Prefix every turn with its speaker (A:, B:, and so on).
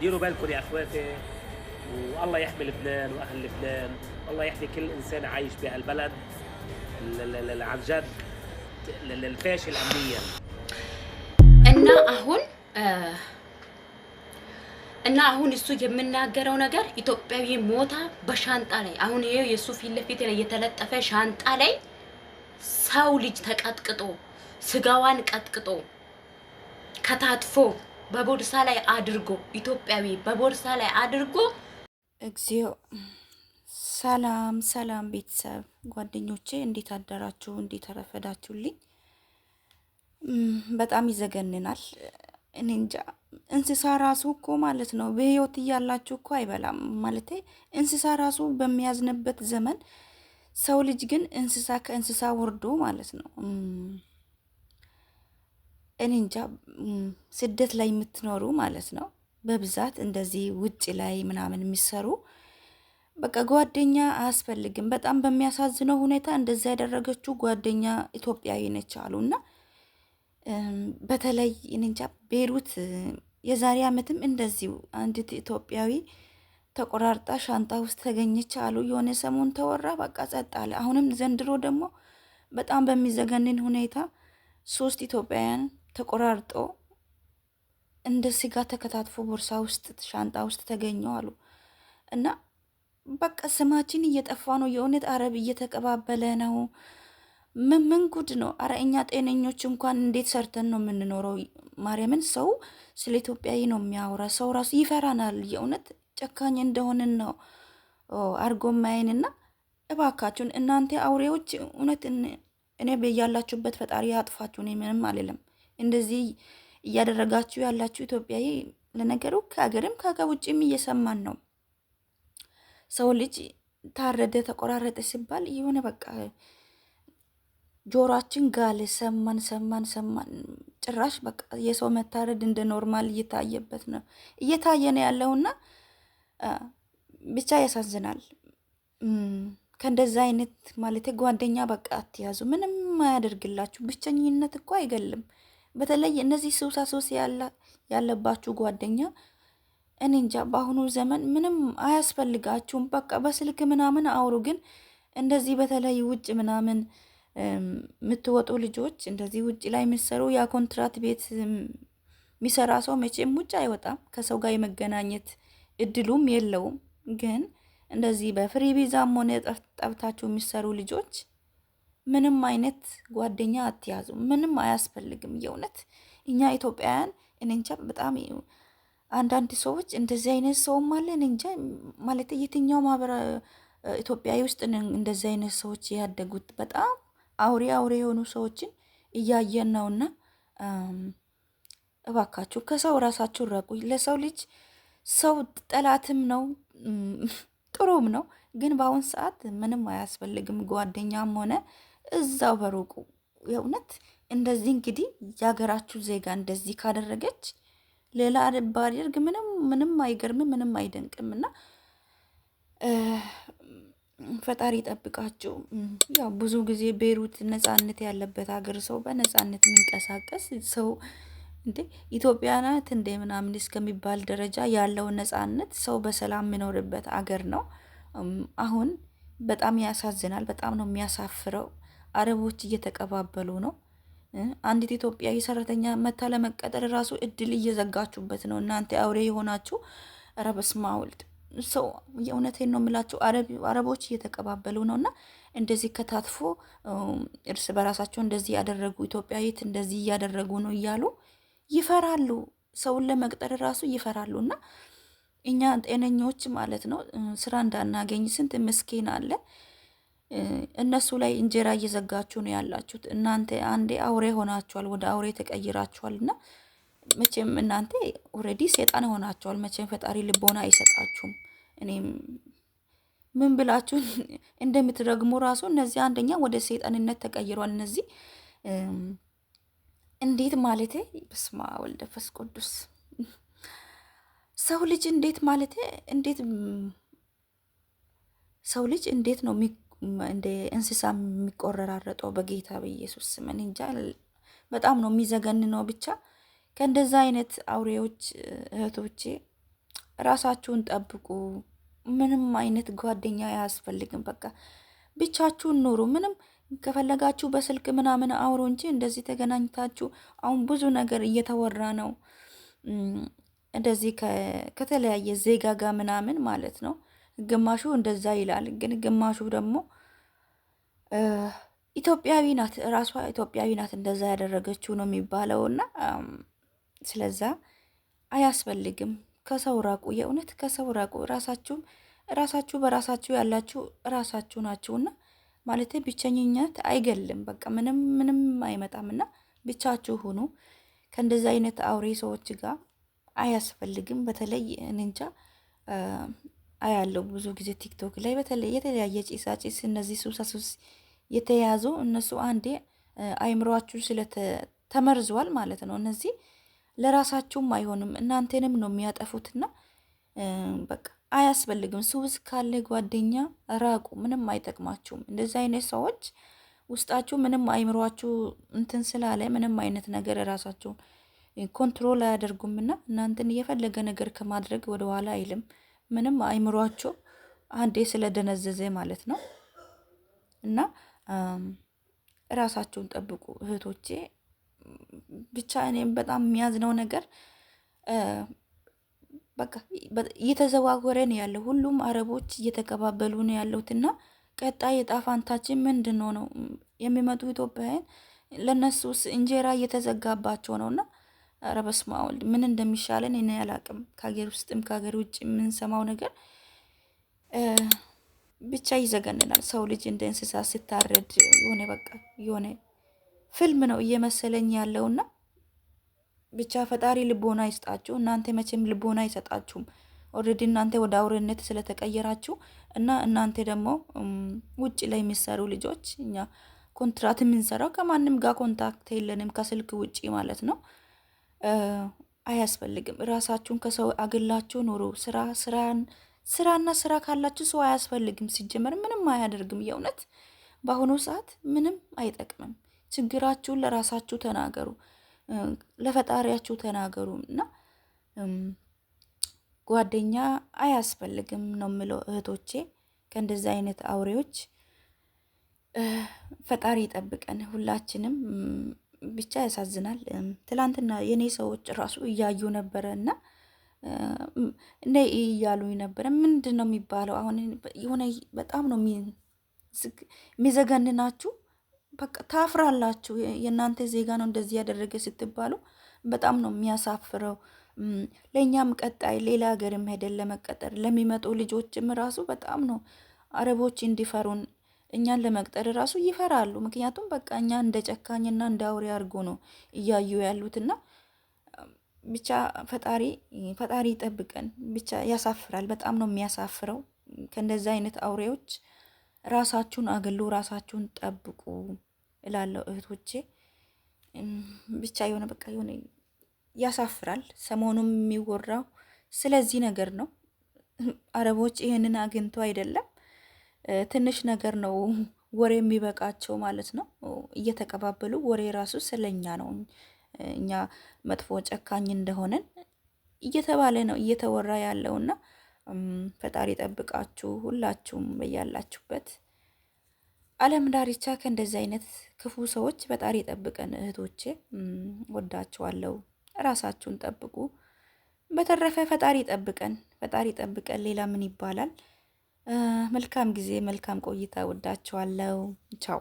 A: ديروا بالكم يا اخواتي والله يحمي لبنان واهل لبنان الله يحمي كل انسان عايش بهالبلد عن جد الفاشل امنيا
B: انا اهون እና አሁን እሱ የምናገረው ነገር ኢትዮጵያዊ ሞታ በሻንጣ ላይ አሁን ይሄ የሱ ፊት ለፊት ላይ የተለጠፈ ሻንጣ ላይ ሰው ልጅ ተቀጥቅጦ ስጋዋን ቀጥቅጦ ከታትፎ በቦርሳ ላይ አድርጎ ኢትዮጵያዊ በቦርሳ ላይ አድርጎ
C: እግዚኦ። ሰላም ሰላም ቤተሰብ ጓደኞቼ፣ እንዴት አደራችሁ? እንዴት አረፈዳችሁልኝ? በጣም ይዘገንናል። እኔ እንጃ እንስሳ ራሱ እኮ ማለት ነው በህይወት እያላችሁ እኮ አይበላም ማለት እንስሳ ራሱ በሚያዝንበት ዘመን ሰው ልጅ ግን እንስሳ ከእንስሳ ወርዶ ማለት ነው እኔ እንጃ ስደት ላይ የምትኖሩ ማለት ነው በብዛት እንደዚህ ውጭ ላይ ምናምን የሚሰሩ በቃ ጓደኛ አያስፈልግም። በጣም በሚያሳዝነው ሁኔታ እንደዛ ያደረገችው ጓደኛ ኢትዮጵያዊ ነች አሉ እና በተለይ እንጃ ቤሩት የዛሬ ዓመትም እንደዚሁ አንዲት ኢትዮጵያዊ ተቆራርጣ ሻንጣ ውስጥ ተገኘች አሉ። የሆነ ሰሞን ተወራ፣ በቃ ጸጥ አለ። አሁንም ዘንድሮ ደግሞ በጣም በሚዘገንን ሁኔታ ሶስት ኢትዮጵያውያን ተቆራርጦ እንደ ስጋ ተከታትፎ ቦርሳ ውስጥ ሻንጣ ውስጥ ተገኘው አሉ እና በቃ ስማችን እየጠፋ ነው። የእውነት አረብ እየተቀባበለ ነው። ምን ምን ጉድ ነው! አረ እኛ ጤነኞች እንኳን እንዴት ሰርተን ነው የምንኖረው? ማርያምን ሰው ስለ ኢትዮጵያዊ ነው የሚያወራ ሰው ራሱ ይፈራናል። የእውነት ጨካኝ እንደሆንን ነው አርጎ ማየንና እባካችሁን እናንተ አውሬዎች እውነት እኔ ያላችሁበት ፈጣሪ አጥፋችሁ። እኔ ምንም አልልም። እንደዚህ እያደረጋችሁ ያላችሁ ኢትዮጵያዊ፣ ለነገሩ ከሀገርም ከሀገር ውጭም እየሰማን ነው። ሰው ልጅ ታረደ ተቆራረጠ ሲባል የሆነ በቃ ጆሯችን ጋለ ሰማን ሰማን ሰማን። ጭራሽ በቃ የሰው መታረድ እንደ ኖርማል እየታየበት ነው እየታየ ነው ያለውና ብቻ ያሳዝናል። ከእንደዛ አይነት ማለት ጓደኛ በቃ አትያዙ፣ ምንም አያደርግላችሁ። ብቸኝነት እኮ አይገልም። በተለይ እነዚህ ሱሳሱስ ያለባችሁ ጓደኛ እኔ እንጃ፣ በአሁኑ ዘመን ምንም አያስፈልጋችሁም። በቃ በስልክ ምናምን አውሩ። ግን እንደዚህ በተለይ ውጭ ምናምን የምትወጡ ልጆች፣ እንደዚህ ውጭ ላይ የሚሰሩ ያ ኮንትራት ቤት የሚሰራ ሰው መቼም ውጭ አይወጣም፣ ከሰው ጋር የመገናኘት እድሉም የለውም። ግን እንደዚህ በፍሪ ቪዛም ሆነ ጠብታችሁ የሚሰሩ ልጆች ምንም አይነት ጓደኛ አትያዙ። ምንም አያስፈልግም። የእውነት እኛ ኢትዮጵያውያን እኔ እንጃ በጣም አንዳንድ ሰዎች እንደዚህ አይነት ሰውም አለ። እኔ እንጃ ማለት የትኛው ማህበረ ኢትዮጵያዊ ውስጥ እንደዚህ አይነት ሰዎች ያደጉት በጣም አውሬ አውሬ የሆኑ ሰዎችን እያየን ነውና እባካችሁ ከሰው ራሳችሁ ረቁ። ለሰው ልጅ ሰው ጠላትም ነው ጥሩም ነው። ግን በአሁን ሰዓት ምንም አያስፈልግም ጓደኛም ሆነ እዛው በሩቁ የእውነት እንደዚህ እንግዲህ የሀገራችሁ ዜጋ እንደዚህ ካደረገች ሌላ ባደርግ ምንም ምንም አይገርምም፣ ምንም አይደንቅም። እና ፈጣሪ ጠብቃችሁ ያው ብዙ ጊዜ ቤሩት ነጻነት ያለበት ሀገር ሰው በነጻነት የሚንቀሳቀስ ሰው እንዴ ኢትዮጵያ ናት ምናምን እስከሚባል ደረጃ ያለው ነጻነት ሰው በሰላም የሚኖርበት አገር ነው። አሁን በጣም ያሳዝናል። በጣም ነው የሚያሳፍረው። አረቦች እየተቀባበሉ ነው። አንዲት ኢትዮጵያዊ ሰራተኛ መታ ለመቀጠር ራሱ እድል እየዘጋችሁበት ነው እናንተ አውሬ የሆናችሁ። ረበስ ማውልድ ሰው የእውነቴን ነው የምላችሁ፣ አረቦች እየተቀባበሉ ነው። እና እንደዚህ ከታትፎ እርስ በራሳቸው እንደዚህ ያደረጉ ኢትዮጵያዊት እንደዚህ እያደረጉ ነው እያሉ ይፈራሉ። ሰውን ለመቅጠር ራሱ ይፈራሉ። እና እኛ ጤነኞች ማለት ነው ስራ እንዳናገኝ ስንት ምስኪን አለ እነሱ ላይ እንጀራ እየዘጋችሁ ነው ያላችሁት። እናንተ አንዴ አውሬ ሆናችኋል፣ ወደ አውሬ ተቀይራችኋል። እና መቼም እናንተ ኦልሬዲ ሴጣን ሆናችኋል። መቼም ፈጣሪ ልቦና አይሰጣችሁም። እኔም ምን ብላችሁ እንደምትረግሙ ራሱ እነዚህ አንደኛ ወደ ሴጣንነት ተቀይሯል። እነዚህ እንዴት ማለቴ በስመ አብ ወወልድ ወመንፈስ ቅዱስ ሰው ልጅ እንዴት ማለቴ እንዴት ሰው ልጅ እንዴት ነው እንደ እንስሳ የሚቆረራረጠው በጌታ በኢየሱስ ስም እንጃ። በጣም ነው የሚዘገንነው። ብቻ ከእንደዛ አይነት አውሬዎች እህቶቼ ራሳችሁን ጠብቁ። ምንም አይነት ጓደኛ አያስፈልግም። በቃ ብቻችሁን ኑሩ። ምንም ከፈለጋችሁ በስልክ ምናምን አውሮ እንጂ እንደዚህ ተገናኝታችሁ አሁን ብዙ ነገር እየተወራ ነው እንደዚህ ከተለያየ ዜጋ ጋር ምናምን ማለት ነው። ግማሹ እንደዛ ይላል። ግን ግማሹ ደግሞ ኢትዮጵያዊ ናት፣ ራሷ ኢትዮጵያዊ ናት እንደዛ ያደረገችው ነው የሚባለው። እና ስለዛ አያስፈልግም። ከሰው ራቁ፣ የእውነት ከሰው ራቁ። ራሳችሁም ራሳችሁ በራሳችሁ ያላችሁ ራሳችሁ ናችሁና ማለት ብቸኝነት አይገልም። በቃ ምንም ምንም አይመጣምና ብቻችሁ ሁኑ ከእንደዚ አይነት አውሬ ሰዎች ጋር አያስፈልግም። በተለይ እንንጃ አያለው ብዙ ጊዜ ቲክቶክ ላይ በተለይ የተለያየ ጭሳጭስ እነዚህ ሱሳሱስ የተያዙ እነሱ አንዴ አይምሯችሁ ስለተመርዟል ማለት ነው። እነዚህ ለራሳችሁም አይሆንም እናንተንም ነው የሚያጠፉትና በቃ አያስፈልግም። ሱስ ካለ ጓደኛ ራቁ፣ ምንም አይጠቅማችሁም። እንደዚህ አይነት ሰዎች ውስጣችሁ ምንም አይምሯችሁ እንትን ስላለ ምንም አይነት ነገር ራሳችሁን ኮንትሮል አያደርጉምና እናንተን የፈለገ ነገር ከማድረግ ወደኋላ አይልም። ምንም አይምሯቸው አንዴ ስለደነዘዘ ማለት ነው። እና እራሳቸውን ጠብቁ እህቶቼ። ብቻ እኔም በጣም የሚያዝነው ነገር በቃ እየተዘዋወረ ነው ያለው። ሁሉም አረቦች እየተቀባበሉ ነው እና ቀጣይ የጣፋንታችን ፈንታችን ምንድን ነው? የሚመጡ ኢትዮጵያውያን ለእነሱስ እንጀራ እየተዘጋባቸው ነውና ኧረ በስመ አብ ወልድ ምን እንደሚሻለን እኔ አላቅም። ከሀገር ውስጥም ከሀገር ውጭ የምንሰማው ነገር ብቻ ይዘገንናል። ሰው ልጅ እንደ እንስሳ ስታረድ የሆነ በቃ የሆነ ፊልም ነው እየመሰለኝ ያለውና ብቻ ፈጣሪ ልቦና ይስጣችሁ። እናንተ መቼም ልቦና አይሰጣችሁም። ኦልሬዲ እናንተ ወደ አውሬነት ስለተቀየራችሁ እና እናንተ ደግሞ ውጭ ላይ የሚሰሩ ልጆች እኛ ኮንትራት የምንሰራው ከማንም ጋር ኮንታክት የለንም ከስልክ ውጭ ማለት ነው። አያስፈልግም። ራሳችሁን ከሰው አግላችሁ ኑሩ። ስራ ስራን ስራና ስራ ካላችሁ ሰው አያስፈልግም። ሲጀመር ምንም አያደርግም። የእውነት በአሁኑ ሰዓት ምንም አይጠቅምም። ችግራችሁን ለራሳችሁ ተናገሩ፣ ለፈጣሪያችሁ ተናገሩ እና ጓደኛ አያስፈልግም ነው የምለው እህቶቼ። ከእንደዚህ አይነት አውሬዎች ፈጣሪ ይጠብቀን ሁላችንም። ብቻ ያሳዝናል። ትላንትና የእኔ ሰዎች ራሱ እያዩ ነበረ እና እኔ እያሉ ነበረ። ምንድን ነው የሚባለው? አሁን የሆነ በጣም ነው የሚዘገንናችሁ። በቃ ታፍራላችሁ። የእናንተ ዜጋ ነው እንደዚህ ያደረገ ስትባሉ በጣም ነው የሚያሳፍረው። ለእኛም ቀጣይ ሌላ ሀገርም ሄደን ለመቀጠር ለሚመጡ ልጆችም ራሱ በጣም ነው አረቦች እንዲፈሩን እኛን ለመቅጠር ራሱ ይፈራሉ። ምክንያቱም በቃ እኛ እንደ ጨካኝና እንደ አውሬ አድርጎ ነው እያዩ ያሉትና ብቻ ፈጣሪ ፈጣሪ ይጠብቀን። ብቻ ያሳፍራል። በጣም ነው የሚያሳፍረው። ከእንደዚህ አይነት አውሬዎች ራሳችሁን አገሉ፣ ራሳችሁን ጠብቁ እላለሁ እህቶቼ። ብቻ የሆነ በቃ የሆነ ያሳፍራል። ሰሞኑም የሚወራው ስለዚህ ነገር ነው። አረቦች ይህንን አግኝቶ አይደለም ትንሽ ነገር ነው ወሬ የሚበቃቸው ማለት ነው። እየተቀባበሉ ወሬ ራሱ ስለኛ ነው እኛ መጥፎ ጨካኝ እንደሆነን እየተባለ ነው እየተወራ ያለውና ፈጣሪ ጠብቃችሁ ሁላችሁም በያላችሁበት ዓለም ዳርቻ ከእንደዚህ አይነት ክፉ ሰዎች ፈጣሪ ጠብቀን። እህቶቼ ወዳችኋለሁ። ራሳችሁን ጠብቁ። በተረፈ ፈጣሪ ጠብቀን፣ ፈጣሪ ጠብቀን። ሌላ ምን ይባላል? መልካም ጊዜ፣ መልካም ቆይታ። ወዳችኋለሁ። ቻው